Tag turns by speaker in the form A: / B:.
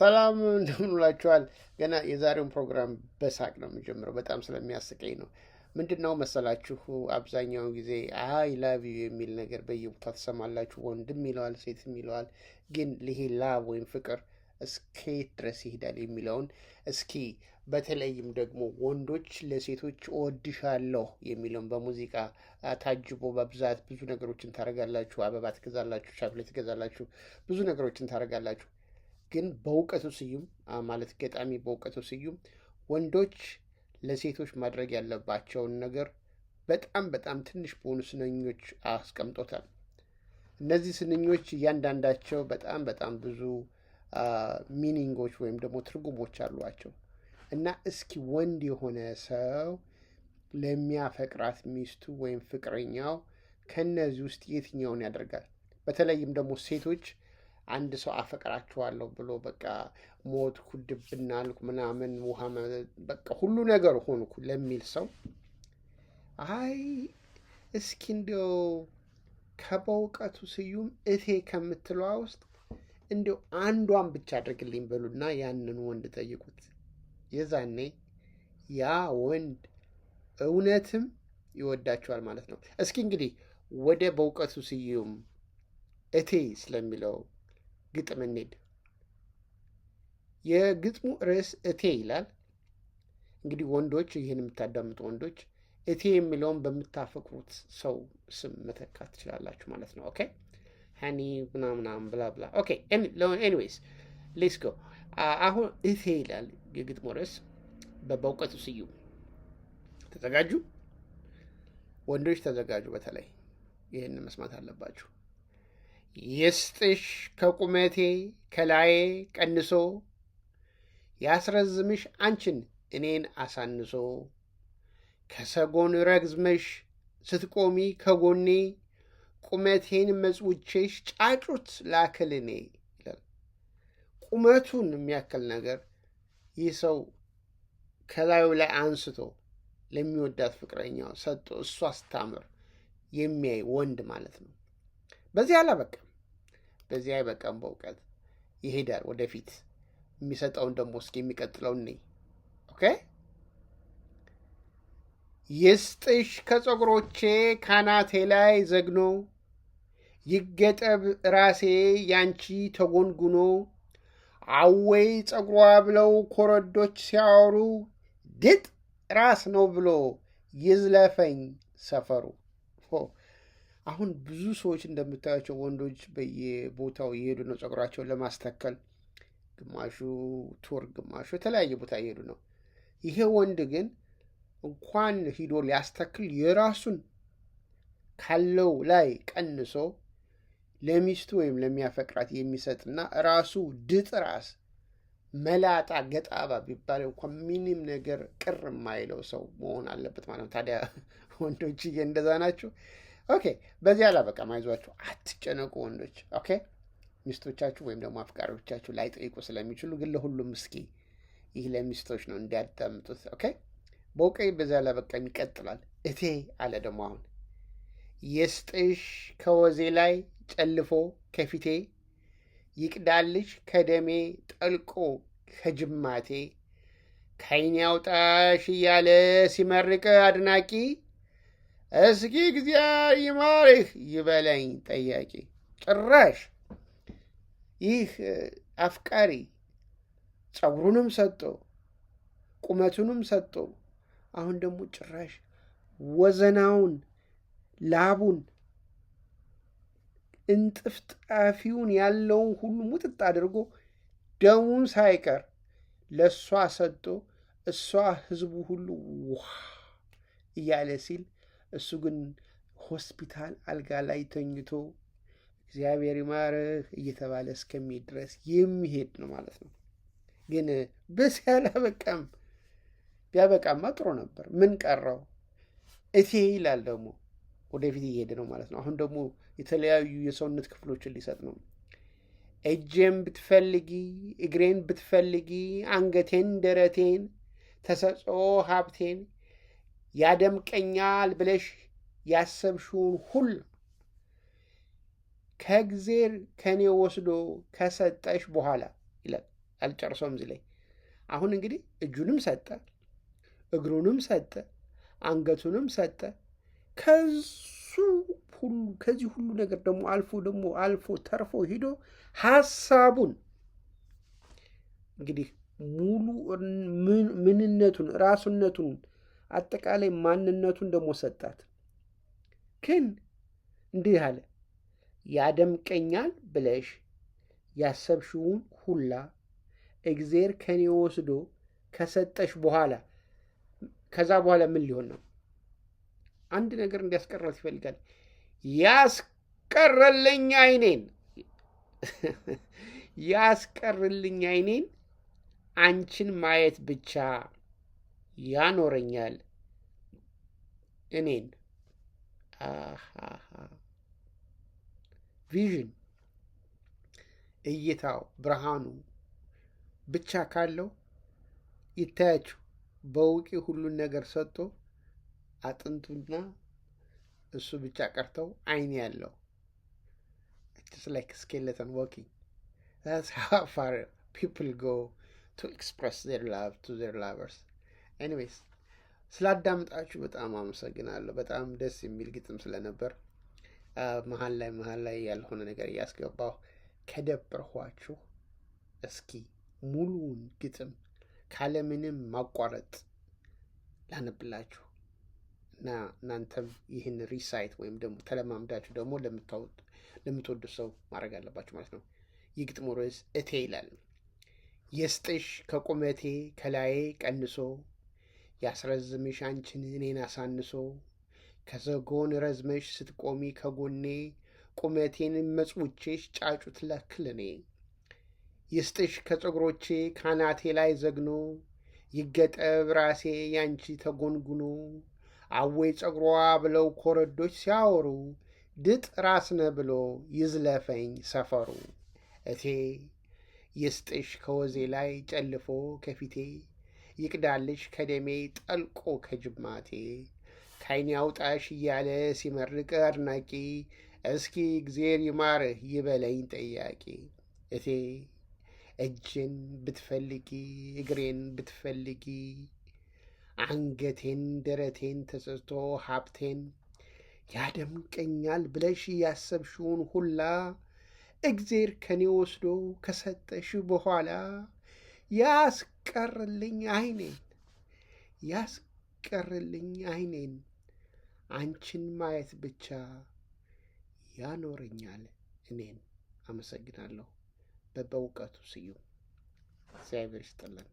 A: ሰላም እንደምንላችኋል። ገና የዛሬውን ፕሮግራም በሳቅ ነው የምጀምረው፣ በጣም ስለሚያስቀኝ ነው። ምንድን ነው መሰላችሁ፣ አብዛኛውን ጊዜ አይ ላቭ ዩ የሚል ነገር በየቦታ ትሰማላችሁ። ወንድም ይለዋል፣ ሴትም ይለዋል። ግን ይሄ ላቭ ወይም ፍቅር እስከየት ድረስ ይሄዳል የሚለውን እስኪ በተለይም ደግሞ ወንዶች ለሴቶች እወድሻለሁ የሚለውን በሙዚቃ ታጅቦ በብዛት ብዙ ነገሮችን ታደርጋላችሁ። አበባ ትገዛላችሁ፣ ቻክሌት ትገዛላችሁ፣ ብዙ ነገሮችን ታደርጋላችሁ። ግን በእውቀቱ ስዩም ማለት ገጣሚ በእውቀቱ ስዩም ወንዶች ለሴቶች ማድረግ ያለባቸውን ነገር በጣም በጣም ትንሽ በሆኑ ስንኞች አስቀምጦታል። እነዚህ ስንኞች እያንዳንዳቸው በጣም በጣም ብዙ ሚኒንጎች ወይም ደግሞ ትርጉሞች አሏቸው እና እስኪ ወንድ የሆነ ሰው ለሚያፈቅራት ሚስቱ ወይም ፍቅረኛው ከእነዚህ ውስጥ የትኛውን ያደርጋል? በተለይም ደግሞ ሴቶች አንድ ሰው አፈቅራችኋለሁ ብሎ በቃ ሞት ድብና አልኩ ምናምን ውሃ በቃ ሁሉ ነገር ሆንኩ ለሚል ሰው አይ እስኪ እንዲያው ከበውቀቱ ስዩም እቴ ከምትለዋ ውስጥ እንዲያው አንዷን ብቻ አድርግልኝ በሉና ያንን ወንድ ጠይቁት። የዛኔ ያ ወንድ እውነትም ይወዳችኋል ማለት ነው። እስኪ እንግዲህ ወደ በውቀቱ ስዩም እቴ ስለሚለው ግጥም እንሂድ። የግጥሙ ርዕስ እቴ ይላል። እንግዲህ ወንዶች፣ ይህን የምታዳምጡ ወንዶች እቴ የሚለውን በምታፈቅሩት ሰው ስም መተካት ትችላላችሁ ማለት ነው። ኦኬ ሀኒ ምናምናም ብላ ብላ። ኦኬ ኤኒዌይስ ሌትስ ጎ። አሁን እቴ ይላል የግጥሙ ርዕስ በእውቀቱ ስዩም። ተዘጋጁ ወንዶች፣ ተዘጋጁ። በተለይ ይህን መስማት አለባችሁ። ይስጥሽ ከቁመቴ ከላዬ ቀንሶ ያስረዝምሽ አንቺን እኔን አሳንሶ ከሰጎን ረግዝመሽ ስትቆሚ ከጎኔ ቁመቴን መጽውቼሽ ጫጩት ላክልኔ ይላል። ቁመቱን የሚያክል ነገር ይህ ሰው ከላዩ ላይ አንስቶ ለሚወዳት ፍቅረኛው ሰጥቶ እሷ ስታምር የሚያይ ወንድ ማለት ነው። በዚህ አላበቃ በዚህ አይበቃም። በእውቀት ይሄዳል ወደፊት። የሚሰጠውን ደግሞ እስኪ የሚቀጥለው ነይ። ኦኬ ይስጥሽ ከፀጉሮቼ ካናቴ ላይ ዘግኖ ይገጠብ ራሴ ያንቺ ተጎንጉኖ አወይ ፀጉሯ ብለው ኮረዶች ሲያወሩ ድጥ ራስ ነው ብሎ ይዝለፈኝ ሰፈሩ። አሁን ብዙ ሰዎች እንደምታያቸው ወንዶች በየቦታው እየሄዱ ነው ጸጉራቸውን ለማስተከል። ግማሹ ቱር፣ ግማሹ የተለያየ ቦታ እየሄዱ ነው። ይሄ ወንድ ግን እንኳን ሂዶ ሊያስተክል የራሱን ካለው ላይ ቀንሶ ለሚስቱ ወይም ለሚያፈቅራት የሚሰጥና ራሱ ድጥራስ መላጣ ገጣባ ቢባል እንኳ ምንም ነገር ቅር የማይለው ሰው መሆን አለበት ማለት ነው። ታዲያ ወንዶች እንደዛ ናቸው። ኦኬ። በዚህ በቃ ማይዟችሁ፣ አትጨነቁ ወንዶች። ኦኬ ሚስቶቻችሁ ወይም ደግሞ አፍቃሪዎቻችሁ ላይጠይቁ ስለሚችሉ ግን ለሁሉም እስኪ ይህ ለሚስቶች ነው እንዲያዳምጡት። ኦኬ በውቀይ በዚያ አላበቃም፣ ይቀጥላል። እቴ አለ ደግሞ አሁን የስጥሽ ከወዜ ላይ ጨልፎ ከፊቴ ይቅዳልሽ ከደሜ ጠልቆ ከጅማቴ ከዓይኔ አውጣሽ እያለ ሲመርቅ አድናቂ እስኪ እግዚአብሔር ይማርህ ይበለኝ ጠያቂ ጭራሽ ይህ አፍቃሪ ጸጉሩንም ሰጦ ቁመቱንም ሰጦ አሁን ደግሞ ጭራሽ ወዘናውን ላቡን እንጥፍጣፊውን ያለውን ሁሉ ሙጥጥ አድርጎ ደሙን ሳይቀር ለእሷ ሰጦ እሷ ህዝቡ ሁሉ ውሃ እያለ ሲል እሱ ግን ሆስፒታል አልጋ ላይ ተኝቶ እግዚአብሔር ይማርህ እየተባለ እስከሚሄድ ድረስ የሚሄድ ነው ማለት ነው። ግን በዚህ አላበቃም። ቢያበቃማ ጥሩ ነበር። ምን ቀረው? እቴ ይላል ደግሞ ወደፊት እየሄደ ነው ማለት ነው። አሁን ደግሞ የተለያዩ የሰውነት ክፍሎችን ሊሰጥ ነው። እጄን ብትፈልጊ፣ እግሬን ብትፈልጊ፣ አንገቴን፣ ደረቴን፣ ተሰጽኦ ሀብቴን ያደምቀኛል ብለሽ ያሰብሽውን ሁሉ ከእግዜር ከእኔ ወስዶ ከሰጠሽ በኋላ ይላል። አልጨርሰውም እዚህ ላይ። አሁን እንግዲህ እጁንም ሰጠ፣ እግሩንም ሰጠ፣ አንገቱንም ሰጠ። ከሱ ሁሉ ከዚህ ሁሉ ነገር ደግሞ አልፎ ደግሞ አልፎ ተርፎ ሂዶ ሀሳቡን እንግዲህ ሙሉ ምንነቱን ራሱነቱን አጠቃላይ ማንነቱን ደግሞ ሰጣት። ግን እንዲህ አለ፣ ያደምቀኛል ብለሽ ያሰብሽውን ሁላ እግዜር ከኔ ወስዶ ከሰጠሽ በኋላ ከዛ በኋላ ምን ሊሆን ነው? አንድ ነገር እንዲያስቀረት ይፈልጋል። ያስቀረልኝ አይኔን ያስቀርልኝ አይኔን አንቺን ማየት ብቻ ያኖረኛል እኔን ቪዥን እይታው ብርሃኑ ብቻ ካለው ይታያችሁ በውቂ ሁሉን ነገር ሰጥቶ አጥንቱና እሱ ብቻ ቀርተው አይን ያለው ስ ላይክ ስኬለተን ዋኪንግ ስ ፋር ፒፕል ጎ ቱ ኤክስፕረስ ዘር ላቭ ቱ ዘር ላቨርስ ኤኒዌይስ ስላዳምጣችሁ በጣም አመሰግናለሁ። በጣም ደስ የሚል ግጥም ስለነበር መሀል ላይ መሀል ላይ ያልሆነ ነገር እያስገባሁ ከደበርኋችሁ እስኪ ሙሉውን ግጥም ካለምንም ማቋረጥ ላነብላችሁ እና እናንተም ይህን ሪሳይት ወይም ደግሞ ተለማምዳችሁ ደግሞ ለምትወዱ ሰው ማድረግ አለባችሁ ማለት ነው። የግጥሙ ርዕስ እቴ ይላል። የስጥሽ ከቁመቴ ከላዬ ቀንሶ ያስረዝምሽ አንቺን እኔን አሳንሶ ከዘጎን ረዝመሽ ስትቆሚ ከጎኔ ቁመቴን መጽውቼሽ ጫጩት ለክልኔ ይስጥሽ ከፀጉሮቼ ካናቴ ላይ ዘግኖ ይገጠብ ራሴ ያንቺ ተጎንጉኖ አወይ ፀጉሯ ብለው ኮረዶች ሲያወሩ ድጥ ራስነ ብሎ ይዝለፈኝ ሰፈሩ እቴ ይስጥሽ ከወዜ ላይ ጨልፎ ከፊቴ ይቅዳልሽ ከደሜ ጠልቆ ከጅማቴ ካይን አውጣሽ እያለ ሲመርቅ አድናቂ እስኪ እግዜር ይማርህ ይበለኝ ጠያቂ እቴ እጅን ብትፈልጊ እግሬን ብትፈልጊ አንገቴን ደረቴን ተሰጥቶ ሀብቴን ያደምቀኛል ብለሽ ያሰብሽውን ሁላ እግዜር ከኔ ወስዶ ከሰጠሽ በኋላ ያስቀርልኝ አይኔን ያስቀርልኝ አይኔን አንቺን ማየት ብቻ ያኖረኛል እኔን። አመሰግናለሁ። በበውቀቱ ስዩም እግዚአብሔር ይስጥልን።